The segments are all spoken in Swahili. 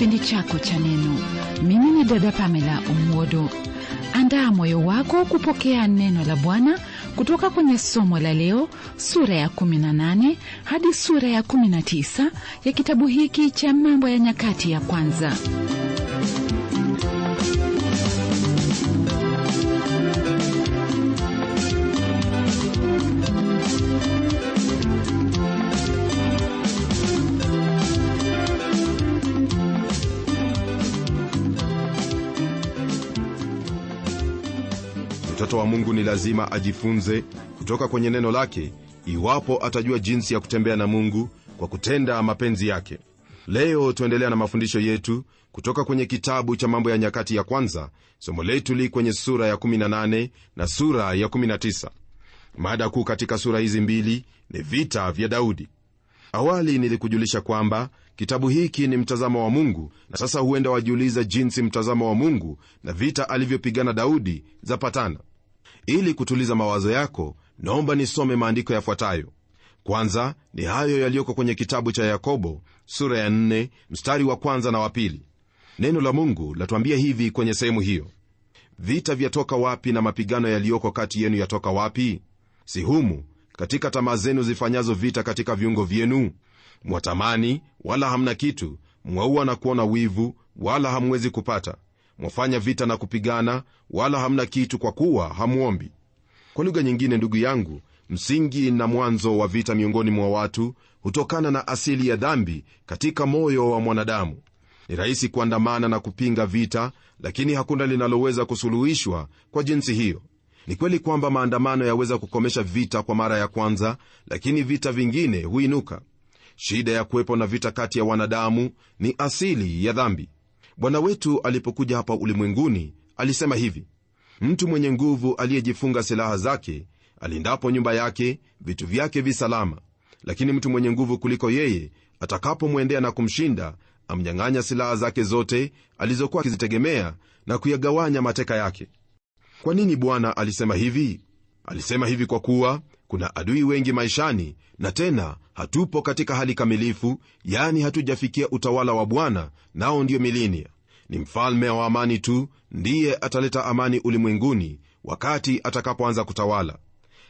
kipindi chako cha neno. Mimi ni dada Pamela umodo Andaa moyo wako kupokea neno la Bwana kutoka kwenye somo la leo, sura ya 18 hadi sura ya 19 ya kitabu hiki cha Mambo ya Nyakati ya Kwanza. Mtoto wa Mungu ni lazima ajifunze kutoka kwenye neno lake iwapo atajua jinsi ya kutembea na Mungu kwa kutenda mapenzi yake. Leo tuendelea na mafundisho yetu kutoka kwenye kitabu cha Mambo ya Nyakati ya Kwanza. Somo letu li kwenye sura ya 18 na sura ya 19. Mada kuu katika sura hizi mbili ni vita vya Daudi. Awali nilikujulisha kwamba kitabu hiki ni mtazamo wa Mungu, na sasa huenda wajiuliza jinsi mtazamo wa Mungu na vita alivyopigana Daudi zapatana. Ili kutuliza mawazo yako, naomba nisome maandiko yafuatayo. Kwanza ni hayo yaliyoko kwenye kitabu cha Yakobo sura ya nne, mstari wa kwanza na wa pili. Neno la Mungu latuambia hivi kwenye sehemu hiyo: vita vyatoka wapi, na mapigano yaliyoko kati yenu yatoka wapi? Si humu katika tamaa zenu zifanyazo vita katika viungo vyenu? Mwatamani wala hamna kitu, mwaua na kuona wivu, wala hamwezi kupata mwafanya vita na kupigana, wala hamna kitu, kwa kuwa hamwombi. Kwa lugha nyingine, ndugu yangu, msingi na mwanzo wa vita miongoni mwa watu hutokana na asili ya dhambi katika moyo wa mwanadamu. Ni rahisi kuandamana na kupinga vita, lakini hakuna linaloweza kusuluhishwa kwa jinsi hiyo. Ni kweli kwamba maandamano yaweza kukomesha vita kwa mara ya kwanza, lakini vita vingine huinuka. Shida ya kuwepo na vita kati ya wanadamu ni asili ya dhambi bwana wetu alipokuja hapa ulimwenguni alisema hivi mtu mwenye nguvu aliyejifunga silaha zake alindapo nyumba yake vitu vyake visalama lakini mtu mwenye nguvu kuliko yeye atakapomwendea na kumshinda amnyang'anya silaha zake zote alizokuwa akizitegemea na kuyagawanya mateka yake kwa nini bwana alisema hivi alisema hivi kwa kuwa kuna adui wengi maishani na tena hatupo katika hali kamilifu yani hatujafikia utawala wa bwana nao ndio milinia ni mfalme wa amani tu ndiye ataleta amani ulimwenguni wakati atakapoanza kutawala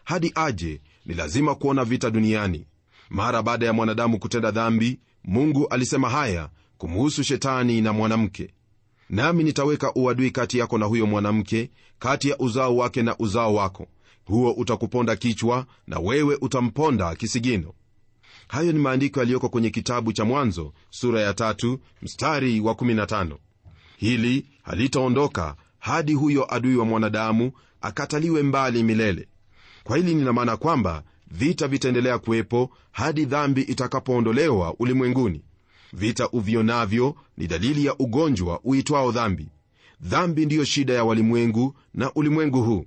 hadi aje ni lazima kuona vita duniani mara baada ya mwanadamu kutenda dhambi mungu alisema haya kumuhusu shetani na mwanamke nami nitaweka uadui kati yako na huyo mwanamke kati ya uzao wake na uzao wako huo utakuponda kichwa na wewe utamponda kisigino hayo ni maandiko yaliyoko kwenye kitabu cha mwanzo sura ya tatu mstari wa 15 hili halitaondoka hadi huyo adui wa mwanadamu akataliwe mbali milele kwa hili nina maana kwamba vita vitaendelea kuwepo hadi dhambi itakapoondolewa ulimwenguni vita uvionavyo ni dalili ya ugonjwa uitwao dhambi dhambi ndiyo shida ya walimwengu na ulimwengu huu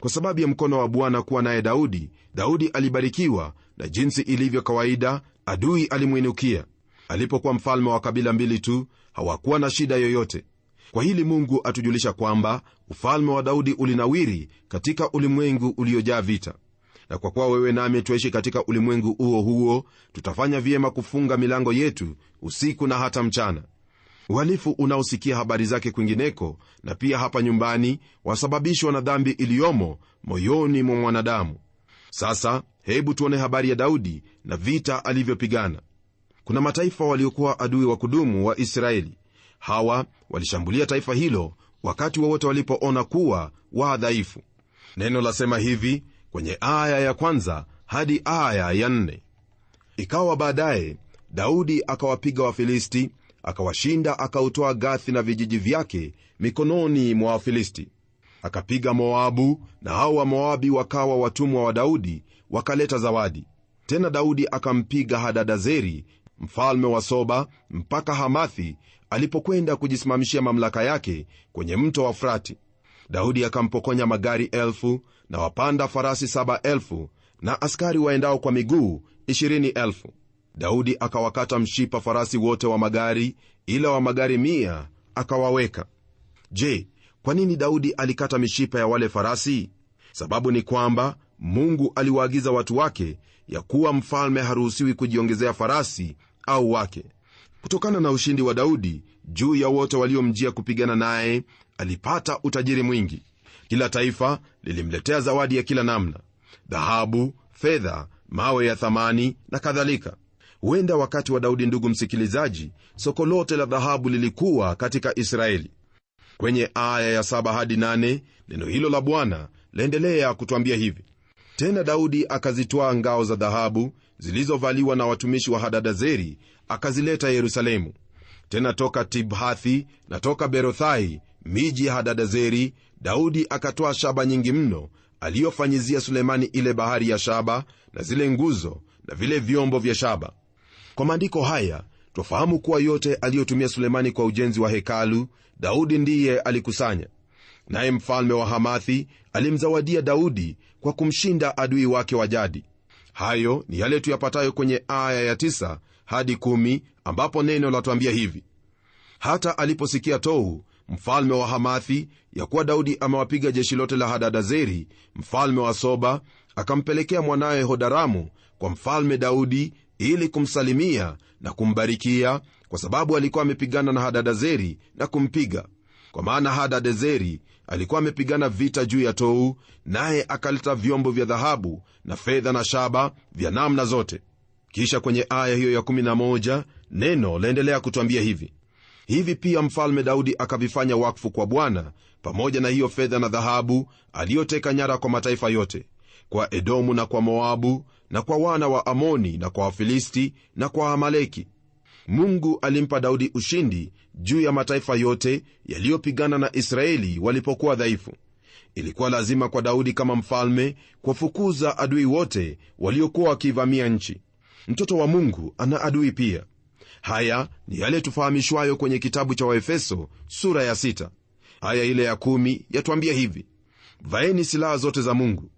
kwa sababu ya mkono wa bwana kuwa naye daudi daudi alibarikiwa na jinsi ilivyo kawaida adui alimwinukia alipokuwa mfalme wa kabila mbili tu hawakuwa na shida yoyote kwa hili mungu atujulisha kwamba ufalme wa daudi ulinawiri katika ulimwengu uliojaa vita na kwa kuwa wewe nami tuishi katika ulimwengu huo huo tutafanya vyema kufunga milango yetu usiku na hata mchana uhalifu unaosikia habari zake kwingineko na pia hapa nyumbani wasababishwa na dhambi iliyomo moyoni mwa mwanadamu sasa hebu tuone habari ya daudi na vita alivyopigana kuna mataifa waliokuwa adui wa kudumu wa israeli hawa walishambulia taifa hilo wakati wowote wa walipoona kuwa wadhaifu neno lasema hivi kwenye aya ya kwanza hadi aya ya nne ikawa baadaye daudi akawapiga wafilisti akawashinda akautoa gathi na vijiji vyake mikononi mwa wafilisti akapiga moabu na hao wamoabi wakawa watumwa wa daudi wakaleta zawadi tena daudi akampiga hadadazeri mfalme wa soba mpaka hamathi alipokwenda kujisimamishia mamlaka yake kwenye mto wa frati daudi akampokonya magari elfu na wapanda farasi saba elfu na askari waendao kwa miguu ishirini elfu daudi akawakata mshipa farasi wote wa magari ila wa magari mia akawaweka je kwa nini daudi alikata mishipa ya wale farasi sababu ni kwamba mungu aliwaagiza watu wake ya kuwa mfalme haruhusiwi kujiongezea farasi au wake kutokana na ushindi wa daudi juu ya wote waliomjia kupigana naye alipata utajiri mwingi kila taifa lilimletea zawadi ya kila namna dhahabu fedha mawe ya thamani na kadhalika huenda wakati wa daudi ndugu msikilizaji soko lote la dhahabu lilikuwa katika israeli kwenye aya ya 7 hadi 8 neno hilo la bwana laendelea kutwambia hivi tena daudi akazitwaa ngao za dhahabu zilizovaliwa na watumishi wa hadadazeri akazileta yerusalemu tena toka tibhathi na toka berothai miji ya hadadazeri daudi akatwaa shaba nyingi mno aliyofanyizia sulemani ile bahari ya shaba na zile nguzo na vile vyombo vya shaba kwa maandiko haya twafahamu kuwa yote aliyotumia sulemani kwa ujenzi wa hekalu daudi ndiye alikusanya naye mfalme wa hamathi alimzawadia daudi kwa kumshinda adui wake wa jadi hayo ni yale tuyapatayo kwenye aya ya 9 hadi 1 ambapo neno latwambia hivi hata aliposikia tohu mfalme wa hamathi ya kuwa daudi amewapiga jeshi lote la hadadazeri mfalme wa soba akampelekea mwanawe hodaramu kwa mfalme daudi ili kumsalimia na kumbarikia kwa sababu alikuwa amepigana na hadadazeri na kumpiga kwa maana hadadezeri alikuwa amepigana vita juu ya tou naye akaleta vyombo vya dhahabu na fedha na shaba vya namna zote kisha kwenye aya hiyo ya 11 neno laendelea kutwambia hivi hivi pia mfalme daudi akavifanya wakfu kwa bwana pamoja na hiyo fedha na dhahabu aliyoteka nyara kwa mataifa yote kwa edomu na kwa moabu na kwa wana wa Amoni na kwa Wafilisti na kwa Amaleki. Mungu alimpa Daudi ushindi juu ya mataifa yote yaliyopigana na Israeli walipokuwa dhaifu. Ilikuwa lazima kwa Daudi kama mfalme kuwafukuza adui wote waliokuwa wakiivamia nchi. Mtoto wa Mungu ana adui pia. Haya ni yale tufahamishwayo kwenye kitabu cha Waefeso sura ya sita. Haya ile ya kumi yatwambia hivi: vaeni silaha zote za Mungu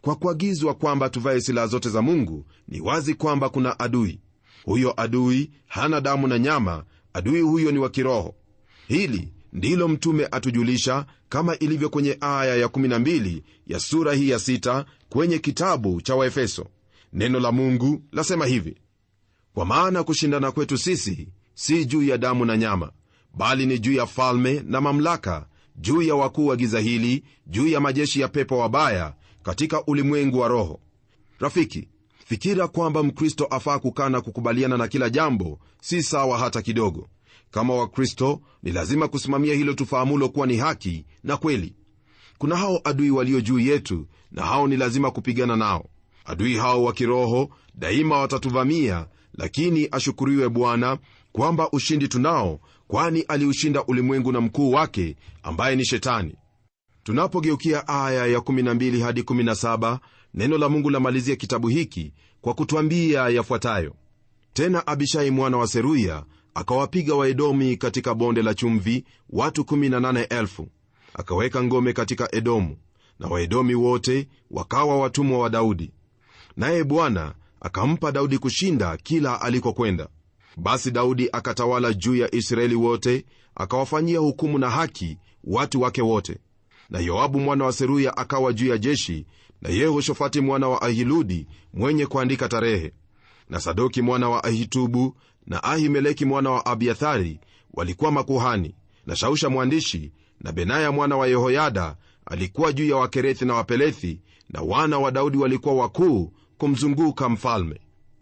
kwa kuagizwa kwamba tuvae silaha zote za mungu ni wazi kwamba kuna adui huyo adui hana damu na nyama adui huyo ni wa kiroho hili ndilo mtume atujulisha kama ilivyo kwenye aya ya12 ya sura hii ya 6 kwenye kitabu cha waefeso neno la mungu lasema hivi kwa maana kushindana kwetu sisi si juu ya damu na nyama bali ni juu ya falme na mamlaka juu ya wakuu wa giza hili juu ya majeshi ya pepo wabaya katika ulimwengu wa roho rafiki fikira kwamba mkristo afaa kukaa na kukubaliana na kila jambo si sawa hata kidogo kama wakristo ni lazima kusimamia hilo tufahamulo kuwa ni haki na kweli kuna hao adui walio juu yetu na hao ni lazima kupigana nao adui hao wa kiroho daima watatuvamia lakini ashukuriwe bwana kwamba ushindi tunao kwani aliushinda ulimwengu na mkuu wake ambaye ni shetani tunapogeukia aya ya 12 hadi 17 neno la mungu lamalizia kitabu hiki kwa kutwambia yafuatayo tena abishai mwana wa seruya akawapiga waedomi katika bonde la chumvi watu 18 akaweka ngome katika edomu na waedomi wote wakawa watumwa wa daudi naye bwana akampa daudi kushinda kila alikokwenda basi daudi akatawala juu ya israeli wote akawafanyia hukumu na haki watu wake wote na yoabu mwana wa seruya akawa juu ya jeshi na yehoshafati mwana wa ahiludi mwenye kuandika tarehe na sadoki mwana wa ahitubu na ahimeleki mwana wa abiathari walikuwa makuhani na shausha mwandishi na benaya mwana wa yehoyada alikuwa juu ya wakerethi na wapelethi na wana wa daudi walikuwa wakuu kumzunguka mfalme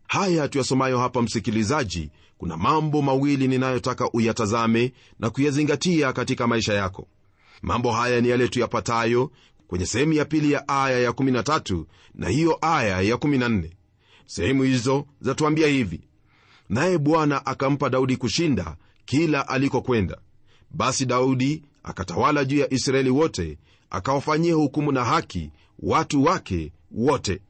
haya tuyasomayo hapa msikilizaji kuna mambo mawili ninayotaka uyatazame na kuyazingatia katika maisha yako mambo haya ni yale tuyapatayo kwenye sehemu ya pili ya aya ya 13 na hiyo aya ya 14 sehemu hizo zatuambia hivi naye bwana akampa daudi kushinda kila alikokwenda basi daudi akatawala juu ya israeli wote akawafanyia hukumu na haki watu wake wote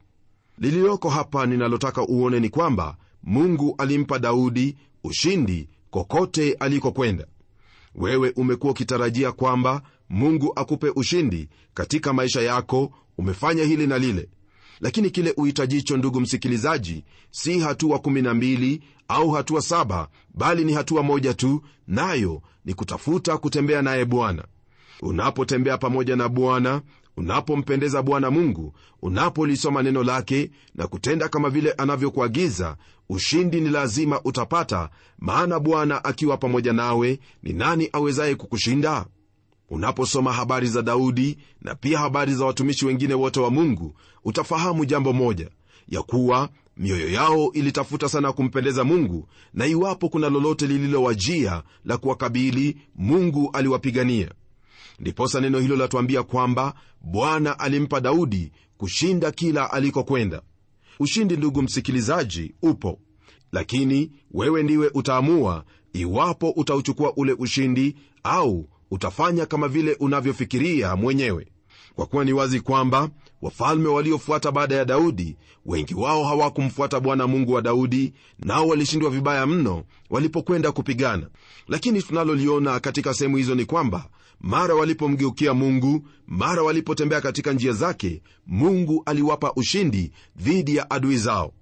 lililoko hapa ninalotaka uone ni kwamba mungu alimpa daudi ushindi kokote alikokwenda wewe umekuwa ukitarajia kwamba mungu akupe ushindi katika maisha yako umefanya hili na lile lakini kile uhitajicho ndugu msikilizaji si hatua 12 au hatua 7 bali ni hatua moja tu nayo ni kutafuta kutembea naye bwana unapotembea pamoja na bwana unapompendeza bwana mungu unapolisoma neno lake na kutenda kama vile anavyokuagiza ushindi ni lazima utapata maana bwana akiwa pamoja nawe ni nani awezaye kukushinda unaposoma habari za daudi na pia habari za watumishi wengine wote wa mungu utafahamu jambo moja ya kuwa mioyo yao ilitafuta sana kumpendeza mungu na iwapo kuna lolote lililowajia la kuwakabili mungu aliwapigania ndiposa neno hilo latuambia kwamba bwana alimpa daudi kushinda kila alikokwenda ushindi ndugu msikilizaji upo lakini wewe ndiwe utaamua iwapo utauchukua ule ushindi au utafanya kama vile unavyofikiria mwenyewe kwa kuwa ni wazi kwamba wafalme waliofuata baada ya Daudi wengi wao hawakumfuata Bwana Mungu wa Daudi, nao walishindwa vibaya mno walipokwenda kupigana. Lakini tunaloliona katika sehemu hizo ni kwamba mara walipomgeukia Mungu, mara walipotembea katika njia zake, Mungu aliwapa ushindi dhidi ya adui zao.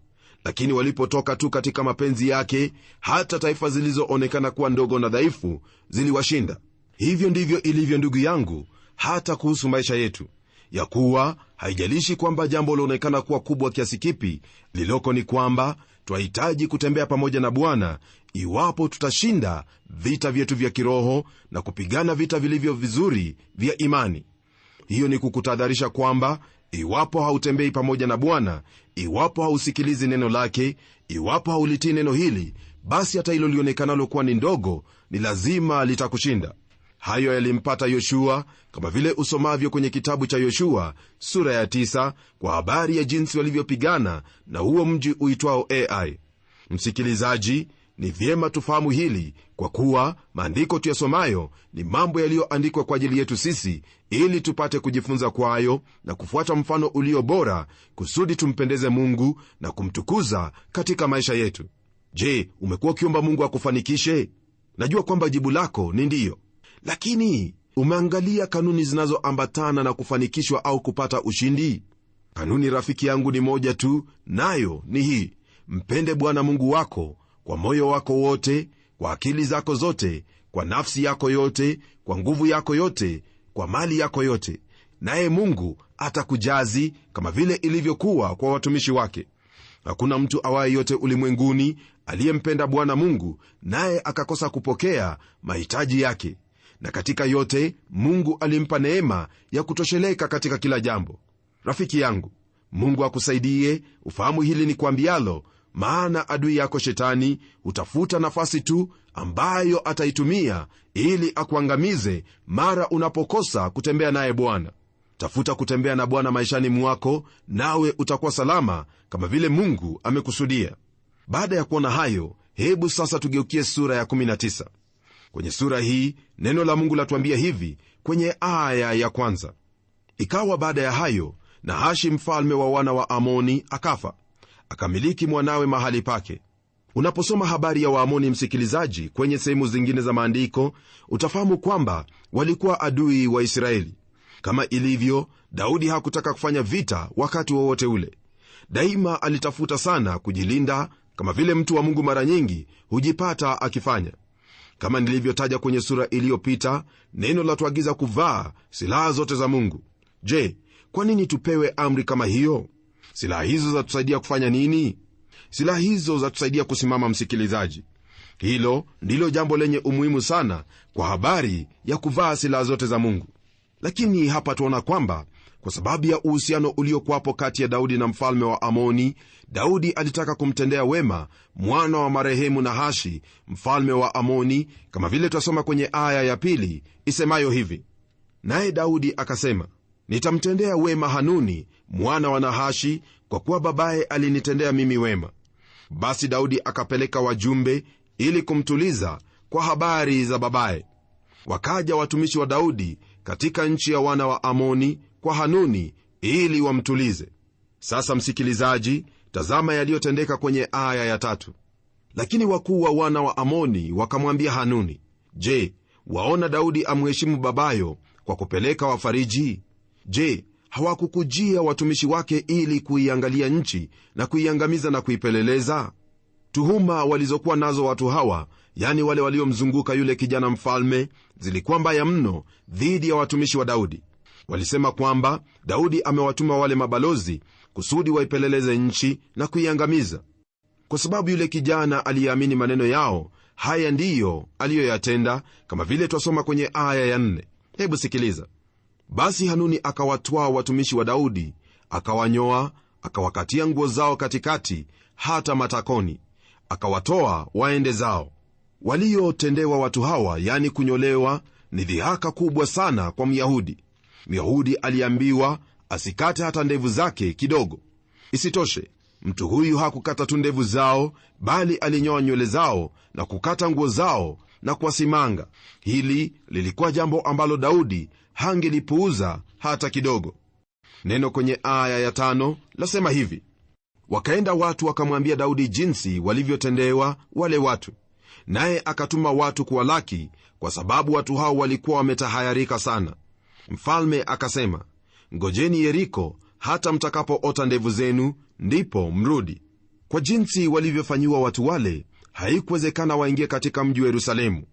Lakini walipotoka tu katika mapenzi yake, hata taifa zilizoonekana kuwa ndogo na dhaifu ziliwashinda hivyo ndivyo ilivyo ndugu yangu hata kuhusu maisha yetu ya kuwa haijalishi kwamba jambo lilionekana kuwa kubwa kiasi kipi liloko ni kwamba twahitaji kutembea pamoja na bwana iwapo tutashinda vita vyetu vya kiroho na kupigana vita vilivyo vizuri vya imani hiyo ni kukutahadharisha kwamba iwapo hautembei pamoja na bwana iwapo hausikilizi neno lake iwapo haulitii neno hili basi hata hilo lilionekanalo kuwa ni ndogo ni lazima litakushinda hayo yalimpata yoshua kama vile usomavyo kwenye kitabu cha yoshua sura ya 9 kwa habari ya jinsi walivyopigana na huo mji uitwao ai msikilizaji ni vyema tufahamu hili kwa kuwa maandiko tuyasomayo ni mambo yaliyoandikwa kwa ajili yetu sisi ili tupate kujifunza kwayo na kufuata mfano ulio bora kusudi tumpendeze mungu na kumtukuza katika maisha yetu je umekuwa ukiomba mungu akufanikishe najua kwamba jibu lako ni ndiyo lakini umeangalia kanuni zinazoambatana na kufanikishwa au kupata ushindi kanuni rafiki yangu ni moja tu nayo ni hii mpende bwana mungu wako kwa moyo wako wote kwa akili zako zote kwa nafsi yako yote kwa nguvu yako yote kwa mali yako yote naye mungu atakujazi kama vile ilivyokuwa kwa watumishi wake hakuna mtu awaye yote ulimwenguni aliyempenda bwana mungu naye akakosa kupokea mahitaji yake na katika yote mungu alimpa neema ya kutosheleka katika kila jambo rafiki yangu mungu akusaidie ufahamu hili ni kuambialo maana adui yako shetani hutafuta nafasi tu ambayo ataitumia ili akuangamize mara unapokosa kutembea naye bwana tafuta kutembea na bwana maishani mwako nawe utakuwa salama kama vile mungu amekusudia baada ya kuona hayo hebu sasa tugeukie sura ya 19 Kwenye sura hii neno la Mungu latuambia hivi kwenye aya ya kwanza: ikawa baada ya hayo Nahashi mfalme wa wana wa Amoni akafa, akamiliki mwanawe mahali pake. Unaposoma habari ya Waamoni, msikilizaji, kwenye sehemu zingine za maandiko utafahamu kwamba walikuwa adui wa Israeli. Kama ilivyo Daudi, hakutaka kufanya vita wakati wowote wa ule. Daima alitafuta sana kujilinda, kama vile mtu wa Mungu mara nyingi hujipata akifanya kama nilivyotaja kwenye sura iliyopita neno latuagiza kuvaa silaha zote za mungu je kwa nini tupewe amri kama hiyo silaha hizo zatusaidia kufanya nini silaha hizo zatusaidia kusimama msikilizaji hilo ndilo jambo lenye umuhimu sana kwa habari ya kuvaa silaha zote za mungu lakini hapa tuona kwamba kwa sababu ya uhusiano uliokwapo kati ya daudi na mfalme wa amoni daudi alitaka kumtendea wema mwana wa marehemu nahashi mfalme wa amoni kama vile twasoma kwenye aya ya pili isemayo hivi naye daudi akasema nitamtendea wema hanuni mwana wa nahashi kwa kuwa babaye alinitendea mimi wema basi daudi akapeleka wajumbe ili kumtuliza kwa habari za babaye wakaja watumishi wa daudi katika nchi ya wana wa amoni kwa Hanuni ili wamtulize. Sasa msikilizaji, tazama yaliyotendeka kwenye aya ya tatu. Lakini wakuu wa wana wa Amoni wakamwambia Hanuni, je, waona Daudi amheshimu babayo kwa kupeleka wafariji? Je, hawakukujia watumishi wake ili kuiangalia nchi na kuiangamiza na kuipeleleza? Tuhuma walizokuwa nazo watu hawa, yani wale waliomzunguka yule kijana mfalme, zilikuwa mbaya mno dhidi ya watumishi wa Daudi walisema kwamba daudi amewatuma wale mabalozi kusudi waipeleleze nchi na kuiangamiza kwa sababu yule kijana aliyeamini maneno yao haya ndiyo aliyoyatenda kama vile twasoma kwenye aya ya nne hebu sikiliza basi hanuni akawatwaa watumishi wa daudi akawanyoa akawakatia nguo zao katikati hata matakoni akawatoa waende zao waliotendewa watu hawa yani kunyolewa ni dhihaka kubwa sana kwa myahudi Myahudi aliambiwa asikate hata ndevu zake kidogo. Isitoshe, mtu huyu hakukata tu ndevu zao, bali alinyoa nywele zao na kukata nguo zao na kuwasimanga. Hili lilikuwa jambo ambalo Daudi hangelipuuza hata kidogo. Neno kwenye aya ya tano lasema hivi: wakaenda watu wakamwambia Daudi jinsi walivyotendewa wale watu, naye akatuma watu kuwalaki, kwa sababu watu hao walikuwa wametahayarika sana mfalme akasema ngojeni yeriko hata mtakapoota ndevu zenu ndipo mrudi kwa jinsi walivyofanyiwa watu wale haikuwezekana waingie katika mji wa yerusalemu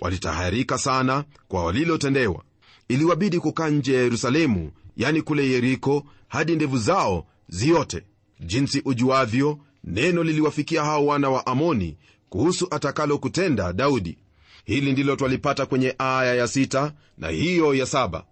walitahayarika sana kwa walilotendewa iliwabidi kukaa nje ya yerusalemu yani kule yeriko hadi ndevu zao ziote jinsi ujuavyo neno liliwafikia hao wana wa amoni kuhusu atakalo kutenda daudi hili ndilo twalipata kwenye aya ya 6 na hiyo ya 7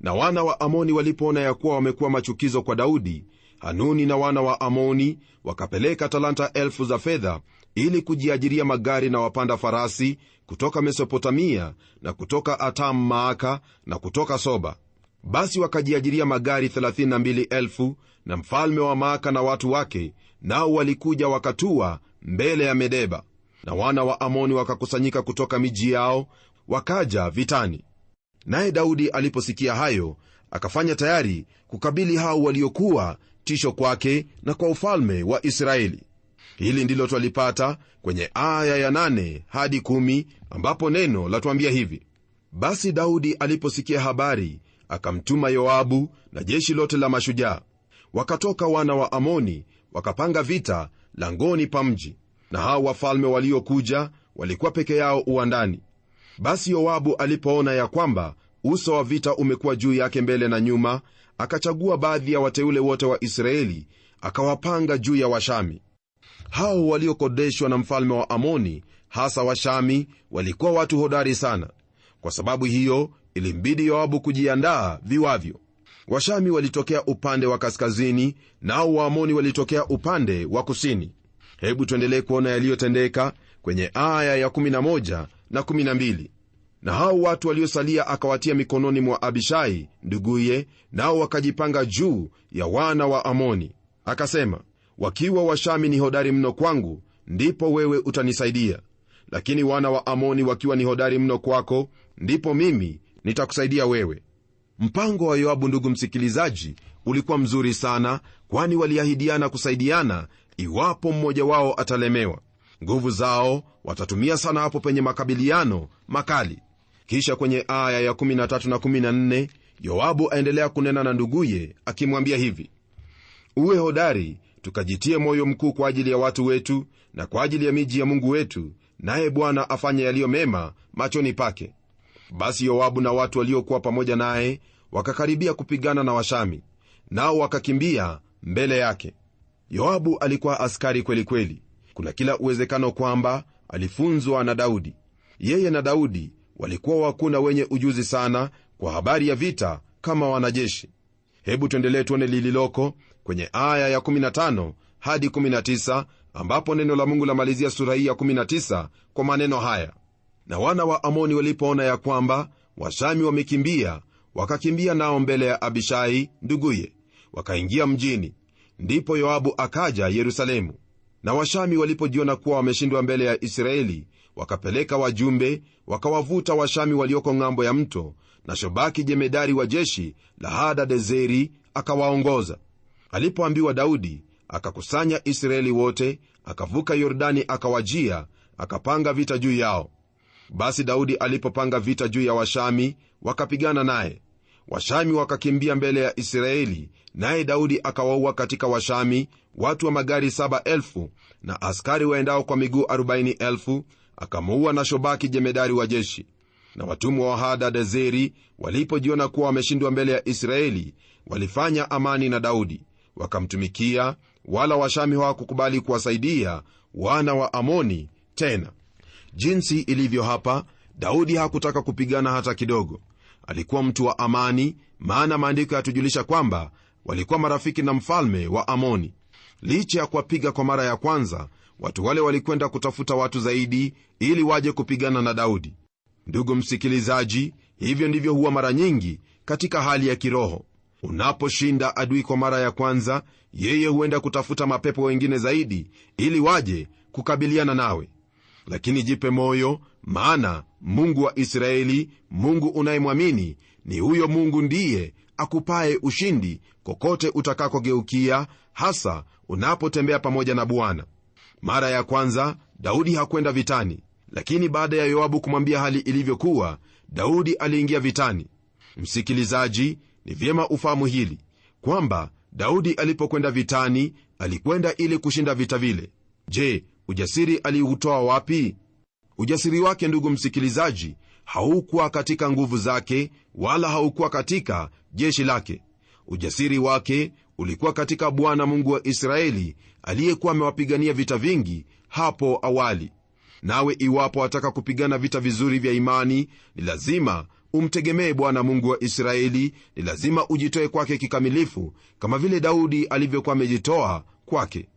na wana wa amoni walipoona ya kuwa wamekuwa machukizo kwa daudi hanuni na wana wa amoni wakapeleka talanta elfu za fedha ili kujiajiria magari na wapanda farasi kutoka mesopotamia na kutoka atam maaka na kutoka soba basi wakajiajiria magari 32 na mfalme wa maaka na watu wake nao walikuja wakatua mbele ya medeba na wana wa amoni wakakusanyika kutoka miji yao wakaja vitani naye daudi aliposikia hayo akafanya tayari kukabili hao waliokuwa tisho kwake na kwa ufalme wa israeli hili ndilo twalipata kwenye aya ya nane hadi kumi ambapo neno latwambia hivi basi daudi aliposikia habari akamtuma yoabu na jeshi lote la mashujaa wakatoka wana wa amoni wakapanga vita langoni pa mji na hao wafalme waliokuja walikuwa peke yao uwandani basi yoabu alipoona ya kwamba uso wa vita umekuwa juu yake mbele na nyuma akachagua baadhi ya wateule wote wa israeli akawapanga juu ya washami hao waliokodeshwa na mfalme wa amoni hasa washami walikuwa watu hodari sana kwa sababu hiyo ilimbidi yoabu kujiandaa viwavyo washami walitokea upande wa kaskazini nao waamoni walitokea upande wa kusini hebu tuendelee kuona yaliyotendeka kwenye aya ya 11 na 12 na hao watu waliosalia akawatia mikononi mwa abishai nduguye nao wakajipanga juu ya wana wa amoni akasema wakiwa washami ni hodari mno kwangu ndipo wewe utanisaidia lakini wana wa amoni wakiwa ni hodari mno kwako ndipo mimi nitakusaidia wewe mpango wa yoabu ndugu msikilizaji ulikuwa mzuri sana kwani waliahidiana kusaidiana iwapo mmoja wao atalemewa nguvu zao watatumia sana hapo penye makabiliano makali kisha kwenye aya ya 13 na 14 yoabu aendelea kunena na nduguye akimwambia hivi uwe hodari tukajitie moyo mkuu kwa ajili ya watu wetu na kwa ajili ya miji ya mungu wetu naye bwana afanye yaliyo mema machoni pake basi yoabu na watu waliokuwa pamoja naye wakakaribia kupigana na washami nao wakakimbia mbele yake yoabu alikuwa askari kwelikweli kweli kuna kila uwezekano kwamba alifunzwa na Daudi. Yeye na Daudi walikuwa wakuna wenye ujuzi sana kwa habari ya vita kama wanajeshi. Hebu tuendelee tuone lililoko kwenye aya ya 15 hadi 19, ambapo neno la Mungu lamalizia sura hii ya 19 kwa maneno haya: na wana wa Amoni walipoona ya kwamba Washami wamekimbia, wakakimbia nao mbele ya Abishai nduguye, wakaingia mjini. Ndipo Yoabu akaja Yerusalemu na washami walipojiona kuwa wameshindwa mbele ya israeli wakapeleka wajumbe wakawavuta washami walioko ng'ambo ya mto na shobaki jemedari wa jeshi la hadadezeri akawaongoza alipoambiwa daudi akakusanya israeli wote akavuka yordani akawajia akapanga vita juu yao basi daudi alipopanga vita juu ya washami wakapigana naye washami wakakimbia mbele ya israeli naye daudi akawaua katika washami watu wa magari 7 na askari waendao kwa miguu 40 akamuua na Shobaki jemedari wa jeshi. Na watumwa wa Hadadezeri walipojiona kuwa wameshindwa mbele ya Israeli, walifanya amani na Daudi, wakamtumikia, wala Washami hawakukubali kuwasaidia wana wa Amoni tena. Jinsi ilivyo hapa, Daudi hakutaka kupigana hata kidogo. Alikuwa mtu wa amani, maana maandiko yatujulisha kwamba walikuwa marafiki na mfalme wa Amoni licha ya kuwapiga kwa mara ya kwanza watu wale walikwenda kutafuta watu zaidi ili waje kupigana na daudi ndugu msikilizaji hivyo ndivyo huwa mara nyingi katika hali ya kiroho unaposhinda adui kwa mara ya kwanza yeye huenda kutafuta mapepo wengine zaidi ili waje kukabiliana nawe lakini jipe moyo maana mungu wa israeli mungu unayemwamini ni huyo mungu ndiye akupaye ushindi kokote utakakogeukia hasa unapotembea pamoja na bwana mara ya kwanza daudi hakwenda vitani lakini baada ya yoabu kumwambia hali ilivyokuwa daudi aliingia vitani msikilizaji ni vyema ufahamu hili kwamba daudi alipokwenda vitani alikwenda ili kushinda vita vile je ujasiri aliutoa wapi ujasiri wake ndugu msikilizaji haukuwa katika nguvu zake wala haukuwa katika jeshi lake ujasiri wake ulikuwa katika bwana mungu wa israeli aliyekuwa amewapigania vita vingi hapo awali nawe iwapo wataka kupigana vita vizuri vya imani ni lazima umtegemee bwana mungu wa israeli ni lazima ujitoe kwake kikamilifu kama vile daudi alivyokuwa amejitoa kwake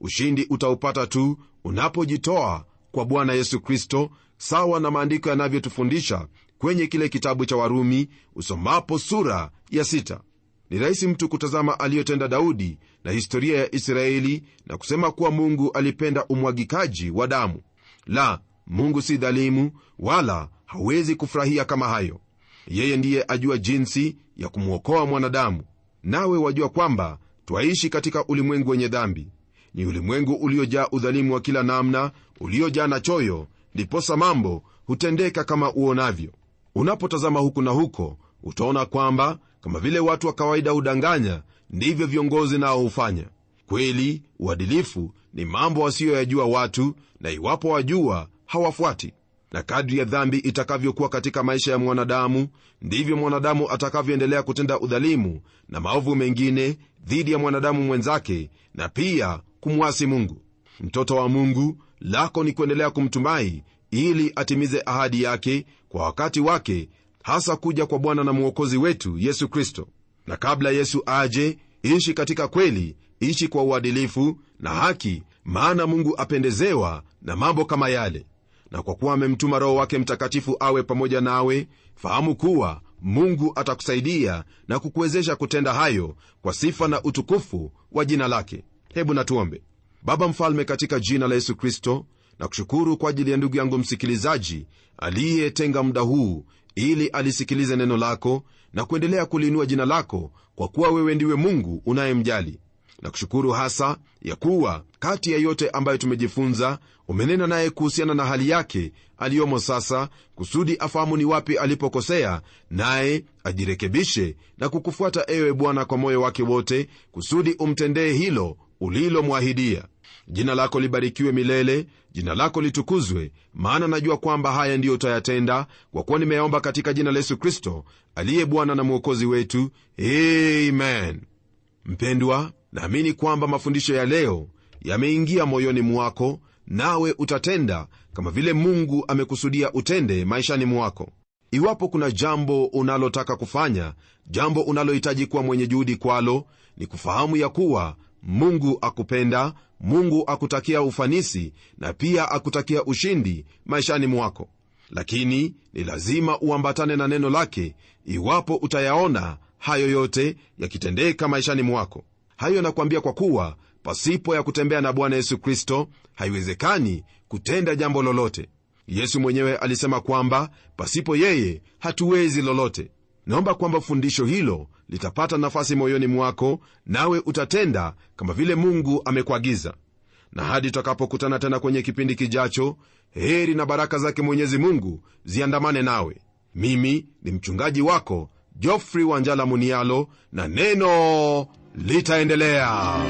ushindi utaupata tu unapojitoa kwa bwana yesu kristo sawa na maandiko yanavyotufundisha kwenye kile kitabu cha warumi usomapo sura ya sita ni rahisi mtu kutazama aliyotenda daudi na historia ya israeli na kusema kuwa mungu alipenda umwagikaji wa damu la mungu si dhalimu wala hawezi kufurahia kama hayo yeye ndiye ajua jinsi ya kumwokoa mwanadamu nawe wajua kwamba twaishi katika ulimwengu wenye dhambi ni ulimwengu uliojaa udhalimu wa kila namna uliojaa na choyo ndiposa mambo hutendeka kama uonavyo unapotazama huku na huko utaona kwamba kama vile watu wa kawaida hudanganya, ndivyo viongozi nao hufanya. Kweli, uadilifu ni mambo wasiyoyajua watu, na iwapo wajua hawafuati. Na kadri ya dhambi itakavyokuwa katika maisha ya mwanadamu, ndivyo mwanadamu atakavyoendelea kutenda udhalimu na maovu mengine dhidi ya mwanadamu mwenzake, na pia kumwasi Mungu. Mtoto wa Mungu, lako ni kuendelea kumtumai ili atimize ahadi yake kwa wakati wake, hasa kuja kwa bwana na mwokozi wetu yesu kristo na kabla yesu aje ishi katika kweli ishi kwa uadilifu na haki maana mungu apendezewa na mambo kama yale na kwa kuwa amemtuma roho wake mtakatifu awe pamoja nawe fahamu kuwa mungu atakusaidia na kukuwezesha kutenda hayo kwa sifa na utukufu wa jina lake hebu natuombe baba mfalme katika jina la yesu kristo nakushukuru kwa ajili ya ndugu yangu msikilizaji aliyetenga muda huu ili alisikilize neno lako na kuendelea kuliinua jina lako kwa kuwa wewe ndiwe mungu unayemjali na kushukuru hasa ya kuwa kati ya yote ambayo tumejifunza umenena naye kuhusiana na hali yake aliyomo sasa kusudi afahamu ni wapi alipokosea naye ajirekebishe na kukufuata ewe bwana kwa moyo wake wote kusudi umtendee hilo ulilomwahidia jina lako libarikiwe milele jina lako litukuzwe maana najua kwamba haya ndiyo utayatenda kwa kuwa nimeyaomba katika jina la yesu kristo aliye bwana na mwokozi wetu men mpendwa naamini kwamba mafundisho ya leo yameingia moyoni mwako nawe utatenda kama vile mungu amekusudia utende maishani mwako iwapo kuna jambo unalotaka kufanya jambo unalohitaji kuwa mwenye juhudi kwalo ni kufahamu ya kuwa mungu akupenda mungu akutakia ufanisi na pia akutakia ushindi maishani mwako lakini ni lazima uambatane na neno lake iwapo utayaona hayo yote yakitendeka maishani mwako hayo nakwambia kwa kuwa pasipo ya kutembea na bwana yesu kristo haiwezekani kutenda jambo lolote yesu mwenyewe alisema kwamba pasipo yeye hatuwezi lolote naomba kwamba fundisho hilo litapata nafasi moyoni mwako nawe utatenda kama vile mungu amekuagiza na hadi tutakapokutana tena kwenye kipindi kijacho heri na baraka zake mwenyezi mungu ziandamane nawe mimi ni mchungaji wako jofri wanjala munialo na neno litaendelea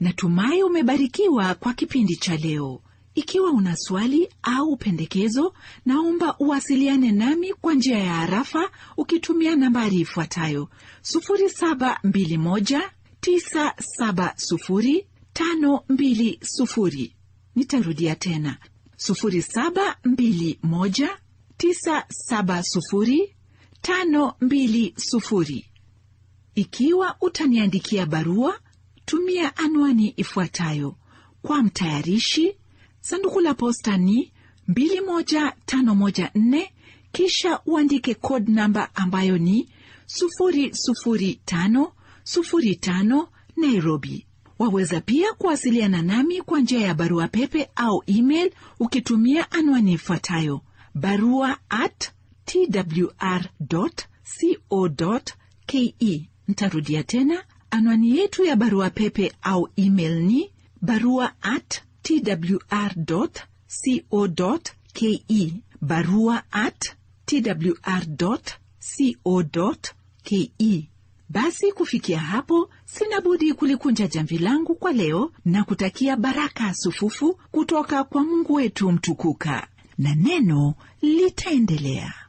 natumai umebarikiwa kwa kipindi cha leo ikiwa una swali au pendekezo, naomba uwasiliane nami kwa njia ya harafa ukitumia nambari ifuatayo 0721970520. Nitarudia tena 0721970520. Ikiwa utaniandikia barua, tumia anwani ifuatayo: kwa mtayarishi sanduku la posta ni 21514 kisha uandike code namba ambayo ni 00505 Nairobi. Waweza pia kuwasiliana nami kwa njia ya barua pepe au email ukitumia anwani ifuatayo barua at twr.co.ke. Ntarudia tena anwani yetu ya barua pepe au email ni barua at twr.co.ke, barua at twr.co.ke. Basi kufikia hapo, sina budi kulikunja jamvi langu kwa leo na kutakia baraka sufufu kutoka kwa Mungu wetu mtukuka, na neno litaendelea.